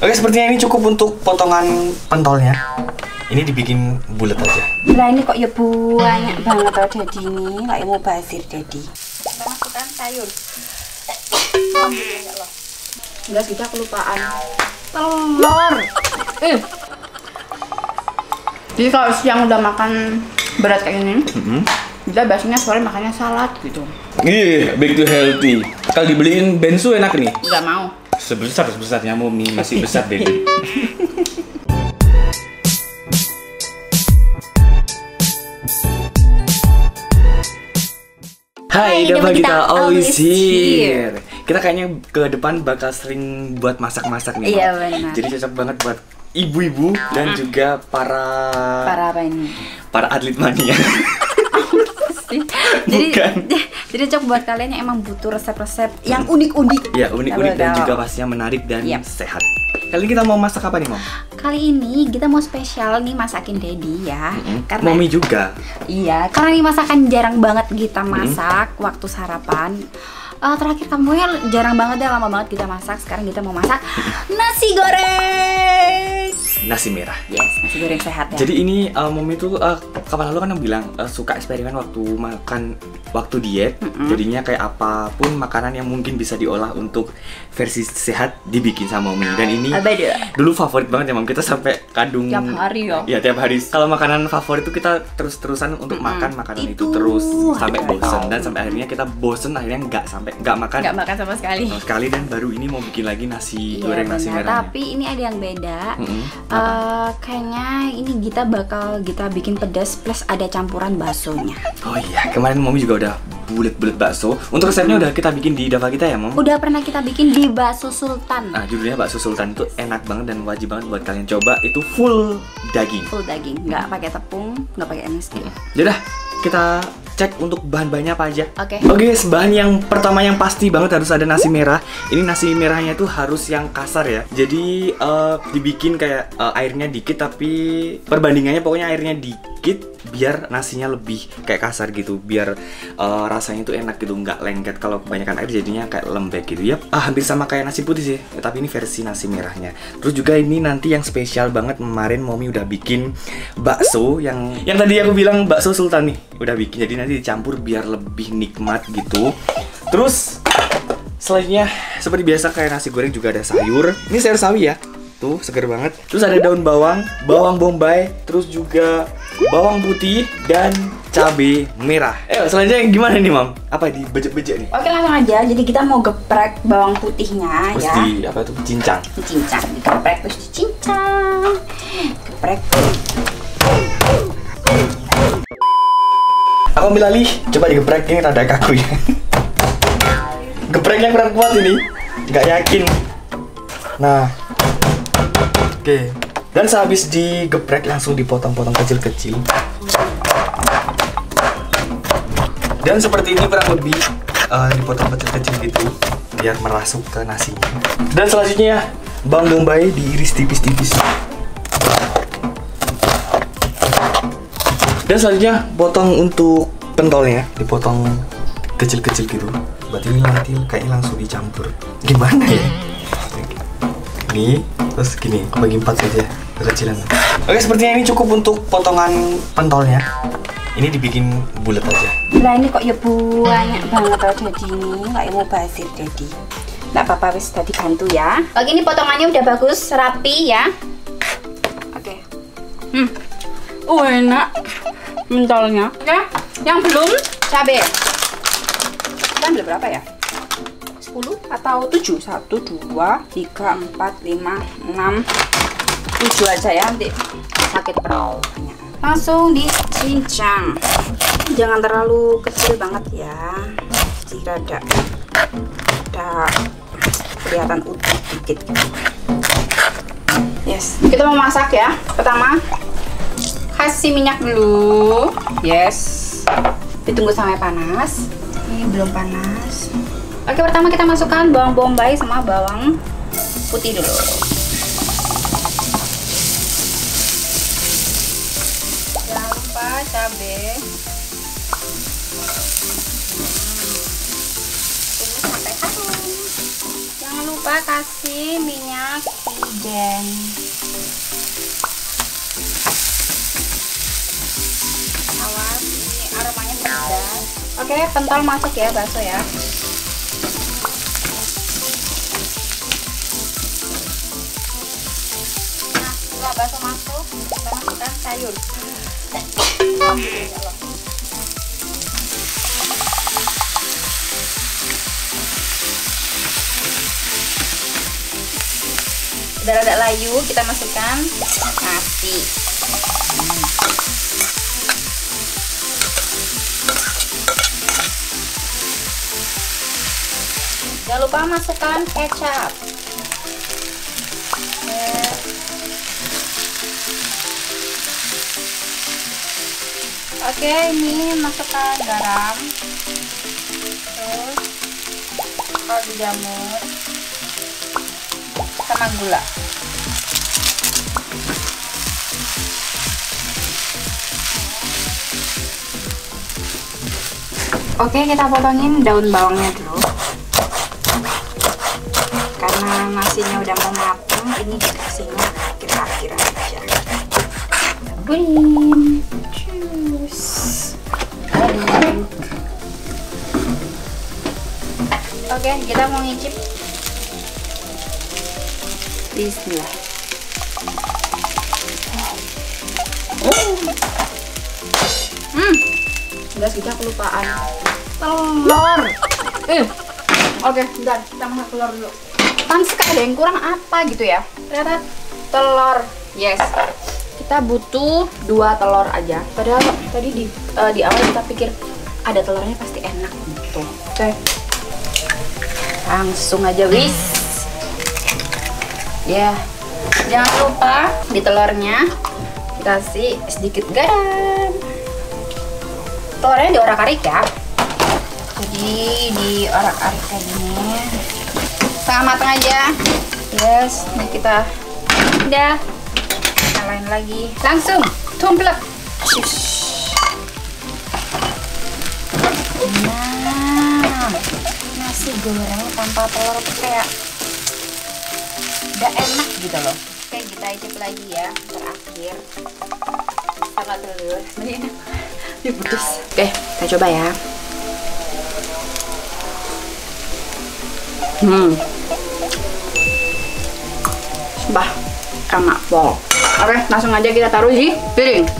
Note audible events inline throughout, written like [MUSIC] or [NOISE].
Oke, sepertinya ini cukup untuk potongan pentolnya. Ini dibikin bulat aja. Nah ini kok ya banyak banget ada oh, di ini. Kayak mau basir jadi. Masukkan sayur. Enggak kita kelupaan. Telur. Ih. Eh. Jadi kalau siang udah makan berat kayak gini, mm -hmm. kita biasanya sore makannya salad gitu. Iya, yeah, back to healthy. Kalau dibeliin bensu enak nih. Enggak mau sebesar sebesarnya mumi masih besar deh. Hai, dapat kita always here. Kita kayaknya ke depan bakal sering buat masak-masak nih. Iya benar. Jadi cocok banget buat ibu-ibu dan juga para para apa ini? Para atlet mania. [LAUGHS] Bukan. Jadi, ya, jadi cocok buat kalian yang emang butuh resep-resep yang unik-unik. Ya, unik-unik dan juga pastinya menarik dan yep. sehat. Kali ini kita mau masak apa nih, Mom? Kali ini kita mau spesial nih masakin Daddy ya. Mm-hmm. Karena Mommy juga. Iya, karena ini masakan jarang banget kita masak mm-hmm. waktu sarapan. Uh, terakhir kamu ya jarang banget ya lama banget kita masak. Sekarang kita mau masak nasi goreng nasi merah. Yes, nasi goreng sehat ya. Jadi ini uh, momi tuh uh, kepala lu kan bilang uh, suka eksperimen waktu makan waktu diet. Mm -hmm. Jadinya kayak apapun makanan yang mungkin bisa diolah untuk versi sehat dibikin sama momi. Dan ini ah, dulu favorit banget ya mom kita sampai kadung tiap hari ya. Iya tiap hari. Kalau makanan favorit itu kita terus-terusan untuk mm -hmm. makan makanan itu, itu terus sampai bosen dan sampai akhirnya kita bosen akhirnya nggak sampai nggak makan. Nggak makan sama sekali. Sama sekali dan baru ini mau bikin lagi nasi iya, goreng nasi merah. Tapi ini ada yang beda. Mm -hmm Uh, kayaknya ini kita bakal kita bikin pedas plus ada campuran baksonya. Oh iya, kemarin Mami juga udah bulet-bulet bakso. Untuk resepnya udah kita bikin di dava kita ya, Mom? Udah pernah kita bikin di Bakso Sultan. Nah, judulnya Bakso Sultan itu enak banget dan wajib banget buat kalian coba. Itu full daging. Full daging, nggak pakai tepung, nggak pakai MSG. Hmm. kita cek untuk bahan-bahannya apa aja. Oke. Okay. Oke okay, guys, bahan yang pertama yang pasti banget harus ada nasi merah. Ini nasi merahnya tuh harus yang kasar ya. Jadi uh, dibikin kayak uh, airnya dikit tapi perbandingannya pokoknya airnya dikit sedikit biar nasinya lebih kayak kasar gitu biar uh, rasanya itu enak gitu nggak lengket kalau kebanyakan air jadinya kayak lembek gitu ya yep. ah, hampir sama kayak nasi putih sih ya, tapi ini versi nasi merahnya terus juga ini nanti yang spesial banget kemarin momi udah bikin bakso yang yang tadi aku bilang bakso sultan nih udah bikin jadi nanti dicampur biar lebih nikmat gitu terus selanjutnya seperti biasa kayak nasi goreng juga ada sayur. Ini sayur sawi ya. Tuh, seger banget. Terus ada daun bawang, bawang bombay, terus juga bawang putih dan cabai merah. Eh, selanjutnya gimana nih, Mam? Apa di bejek-bejek nih? Oke, langsung aja. Jadi kita mau geprek bawang putihnya ya. terus ya. Di apa itu? Cincang. Cincang. Digeprek terus dicincang. Geprek. Aku ambil alih. Coba digeprek ini rada kaku ya. Gepreknya kurang kuat ini. Nggak yakin. Nah. Oke, dan sehabis digeprek langsung dipotong-potong kecil-kecil dan seperti ini kurang lebih uh, dipotong kecil-kecil gitu biar merasuk ke nasinya dan selanjutnya bang bombay diiris tipis-tipis dan selanjutnya potong untuk pentolnya dipotong kecil-kecil gitu berarti ini nanti kayaknya langsung dicampur gimana ya hmm. ini terus gini bagi empat saja kekecilan. Oke, sepertinya ini cukup untuk potongan pentolnya. Ini dibikin bulat aja. Nah ini kok ya banyak banget loh jadi ini kayak mau basir jadi. Nggak apa-apa wis tadi bantu ya. Oke, ini potongannya udah bagus, rapi ya. Oke. Hmm. Oh, enak pentolnya. Oke. Ya, yang belum cabe. Kan belum berapa ya? 10 atau tujuh? Satu dua tiga empat lima enam hijau aja ya nanti sakit perut langsung dicincang jangan terlalu kecil banget ya jika ada ada kelihatan utuh dikit yes kita mau masak ya pertama kasih minyak dulu yes ditunggu sampai panas ini belum panas oke pertama kita masukkan bawang bombay sama bawang putih dulu jangan lupa kasih minyak wijen awas ini aromanya pedas oke pentol masuk ya bakso ya nah setelah bakso masuk kita masukkan sayur udah rada layu kita masukkan nasi jangan lupa masukkan kecap Oke, ini masukkan garam. Terus kaldu jamur sama gula Oke kita potongin daun bawangnya dulu Karena nasinya udah mau matang Ini dikasihnya kira-kira aja Green Juice Oke kita mau ngicip Bismillah. Hmm, gitu, kelupaan. Telur. Eh, oke, bentar, kita masak telur dulu. Kan suka ada yang kurang apa gitu ya? Ternyata telur. Yes. Kita butuh dua telur aja. Padahal tadi di uh, di awal kita pikir ada telurnya pasti enak gitu. Oke. Okay. Langsung aja, wis ya jangan lupa di telurnya sih sedikit garam telurnya diorak-arik ya jadi diorak-arik kayak gini setengah matang aja yes ini kita udah kita lain lagi langsung tumplek nah nasi goreng tanpa telur kayak udah enak gitu loh oke kita icip lagi ya terakhir sama telur ini enak [LAUGHS] ini pedes oke kita coba ya hmm sumpah enak pol oke langsung aja kita taruh di piring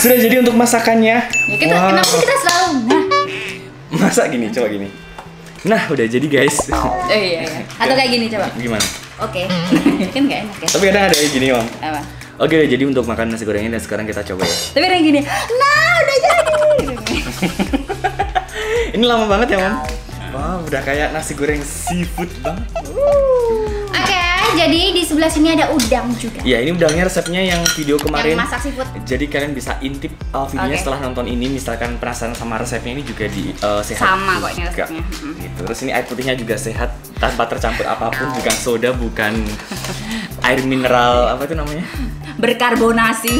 Sudah jadi untuk masakannya. Ya kita wow. kenapa kita selalu nah. Masak gini, coba gini. Nah, udah jadi guys. Oh iya, iya. Atau kayak gini coba. Gimana? Oke. Okay. [LAUGHS] Mungkin enggak enak ya. Tapi kadang ada yang gini, Om. Apa? Oke, udah jadi untuk makan nasi gorengnya dan sekarang kita coba ya. Tapi ada yang gini. Nah, udah jadi. [LAUGHS] Ini lama banget ya, om, Wow, udah kayak nasi goreng seafood banget. Uh jadi di sebelah sini ada udang juga. Iya, ini udangnya resepnya yang video kemarin. Yang masak seafood. Jadi kalian bisa intip uh, videonya okay. setelah nonton ini misalkan penasaran sama resepnya ini juga di uh, sehat. Sama kok ini resepnya. Hmm. Gitu. Terus ini air putihnya juga sehat tanpa tercampur apapun, bukan soda, bukan [LAUGHS] air mineral apa itu namanya? Berkarbonasi.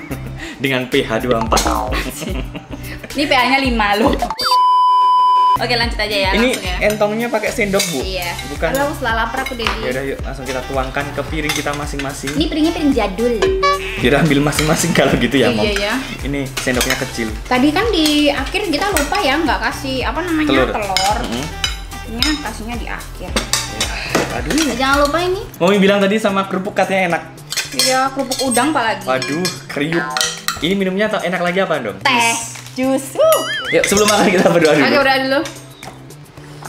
[LAUGHS] Dengan pH 24. ini pH-nya 5 loh. [LAUGHS] Oke lanjut aja ya. Ini ya. entongnya pakai sendok bu. Iya. Bukan. Aduh, aku selalu lapar aku dari. Ya udah yuk langsung kita tuangkan ke piring kita masing-masing. Ini piringnya piring jadul. Kita ambil masing-masing kalau gitu ya iya, mom. Iya Ini sendoknya kecil. Tadi kan di akhir kita lupa ya nggak kasih apa namanya telur. telur. Mm -hmm. Akhirnya kasihnya di akhir. Ya, aduh. Eh, jangan lupa ini. Mami bilang tadi sama kerupuk katanya enak. Iya kerupuk udang apalagi. Aduh. kriuk. Ini minumnya enak lagi apa dong? Teh jus. Woo. Yuk sebelum makan kita berdoa dulu. Oke berdoa dulu.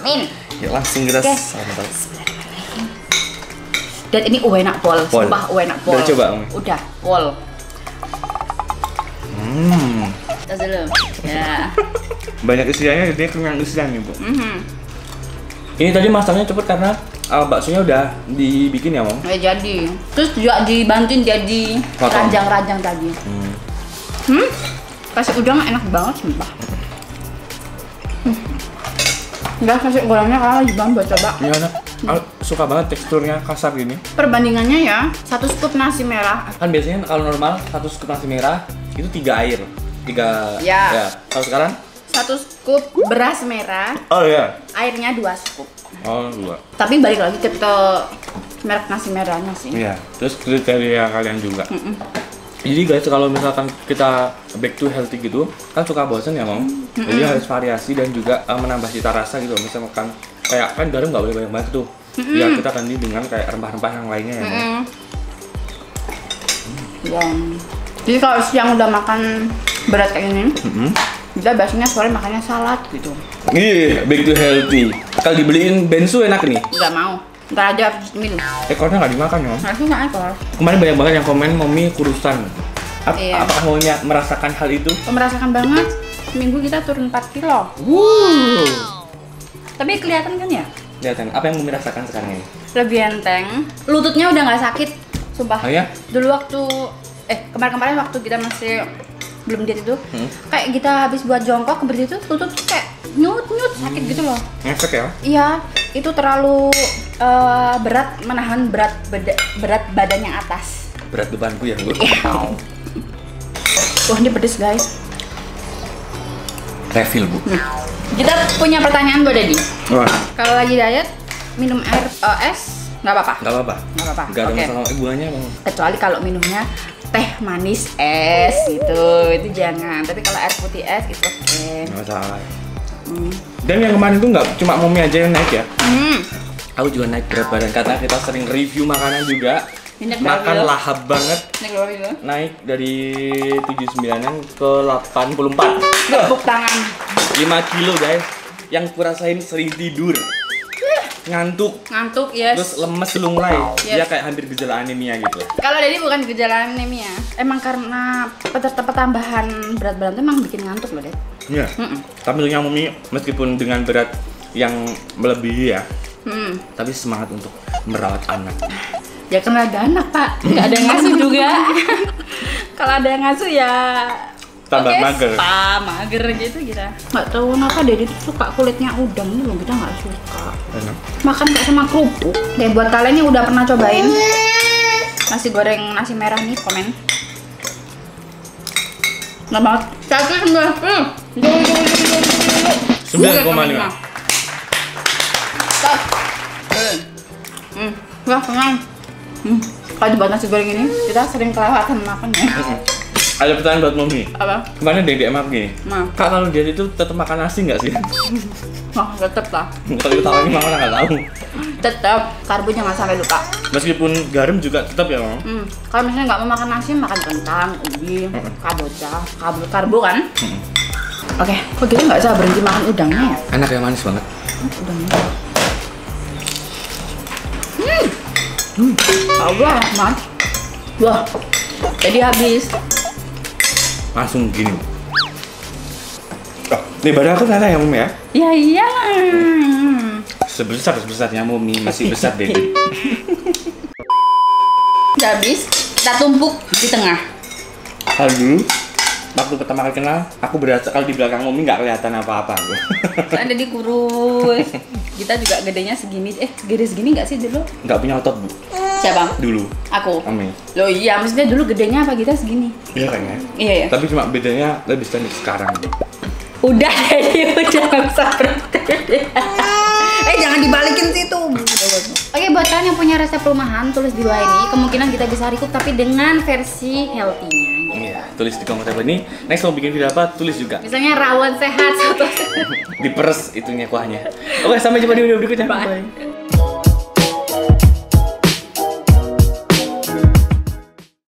Amin. Yuk langsung kita okay. santap. Dan ini enak pol, pol. sumpah enak pol. Udah coba. Om. Udah pol. Hmm. Tos dulu. Ya. [LAUGHS] Banyak isiannya, jadi kenyang isian nih bu. Mm -hmm. Ini tadi masaknya cepet karena uh, baksonya udah dibikin ya, Mom? Ya jadi. Terus juga dibantuin jadi ranjang-ranjang tadi. Hmm. hmm? Kasih udang enak banget sumpah. Udah hmm. kasih gorengnya lagi di bambu coba. Iya, enak. Suka banget teksturnya kasar gini. Perbandingannya ya, satu scoop nasi merah. Kan biasanya kalau normal satu scoop nasi merah itu tiga air, tiga. Ya. ya. Kalau sekarang? Satu scoop beras merah. Oh iya. Airnya dua scoop. Oh dua. Tapi balik lagi ke merek nasi merahnya sih. Iya. Terus kriteria kalian juga. Mm -mm jadi guys kalau misalkan kita back to healthy gitu kan suka bosen ya mom mm -hmm. jadi harus variasi dan juga uh, menambah cita rasa gitu makan kayak kan garam nggak boleh banyak banget tuh mm -hmm. ya kita ganti dengan kayak rempah-rempah yang lainnya ya mm -hmm. jadi kalau siang udah makan berat kayak gini mm -hmm. kita biasanya sore makannya salad gitu iya back to healthy kalau dibeliin bensu enak nih Gak mau Nggak ada mil. Ekornya enggak dimakan ya? Nggak enggak ekor. Kemarin banyak banget yang komen momi kurusan. Ap iya. Apakah Momi merasakan hal itu? Oh, merasakan banget. Seminggu kita turun 4 kilo. Wow. Tapi kelihatan kan ya? Kelihatan. Apa yang momi rasakan sekarang ini? Lebih enteng. Lututnya udah nggak sakit. Sumpah. Oh, iya? Dulu waktu eh kemarin-kemarin waktu kita masih belum diet itu hmm? kayak kita habis buat jongkok berarti itu lutut kayak nyut nyut sakit hmm. gitu loh Ngesek ya iya itu terlalu uh, berat menahan berat beda, berat badan yang atas. Berat bebanku ya, Bu. Iya. Wah, ini pedes, guys. Refill, Bu. Nah, kita punya pertanyaan bu Dedi. Kalau lagi diet, minum air uh, es nggak apa-apa? Nggak apa-apa. Nggak apa-apa. Nggak ada okay. masalah ibuannya Bang. Kecuali kalau minumnya teh manis es gitu, itu jangan. Tapi kalau air putih es itu oke. Okay. Nggak masalah. Hmm. Dan yang kemarin tuh nggak cuma mumi aja yang naik ya. Hmm. Aku juga naik berat badan karena kita sering review makanan juga. Minyak Makan dari ya? lahap banget. Ya? Naik dari 79-an ke 84. Tepuk tangan. 5 kilo guys. Yang kurasain sering tidur ngantuk ngantuk yes terus lemes lunglai yes. dia kayak hampir gejala anemia gitu kalau dari bukan gejala anemia emang karena pertambahan berat badan itu emang bikin ngantuk loh deh iya yeah. tapi untuk Mumi meskipun dengan berat yang melebihi ya mm tapi semangat untuk merawat anak ya karena ada anak pak nggak ada yang ngasuh juga [LAUGHS] kalau ada yang ngasuh ya tambah okay, mager spa mager gitu kita nggak tahu kenapa dia tuh suka kulitnya udang gitu loh kita nggak suka Enak. makan kayak sama kerupuk deh buat kalian yang udah pernah cobain nasi goreng nasi merah nih komen nggak banget satu hmm. sembilan sembilan koma lima hmm. hmm, wah kenyang. Hmm, kalau dibuat nasi goreng ini kita sering kelewatan makan ya. Hmm. Ada pertanyaan buat Mami. Apa? Kemarin dia DM aku gini. Ma. Kak kalau dia itu tetap makan nasi nggak sih? [LAUGHS] Oh, tetap lah. Kalau kita lagi mama nggak tahu. Tetap, karbo jangan sampai lupa. Meskipun garam juga tetap ya, Mam. Hmm. Kalau misalnya nggak mau makan nasi, makan kentang, ubi, -hmm. kabocha, karbo, karbo kan? -hmm. Oke, okay. kok kita gitu nggak usah berhenti makan udangnya ya? Enak ya, manis banget. Hmm, udangnya. Hmm. Hmm. Allah, Mas. Wah, jadi habis langsung gini oh, nih badan aku ternyata yang ya ya iya sebesar sebesarnya mumi masih besar deh udah habis kita tumpuk di tengah Aduh waktu pertama kali kenal aku berasa kalau di belakang Mumi nggak kelihatan apa-apa aku kan di kurus. kita juga gedenya segini eh gede segini nggak sih dulu nggak punya otot bu siapa dulu aku Ami. lo iya maksudnya dulu gedenya apa kita segini iya kan ya iya, iya. tapi cuma bedanya lebih standar sekarang bu. udah [LAUGHS] jadi udah nggak usah eh jangan dibalikin situ Oke buat kalian yang punya resep rumahan tulis di bawah ini kemungkinan kita bisa recoup tapi dengan versi healthy-nya. Iya, tulis di kolom komentar ini. Next mau bikin video apa, tulis juga. Misalnya rawon sehat satu. [LAUGHS] Diperes itunya kuahnya. Oke, sampai jumpa di video berikutnya. Bye. Bye.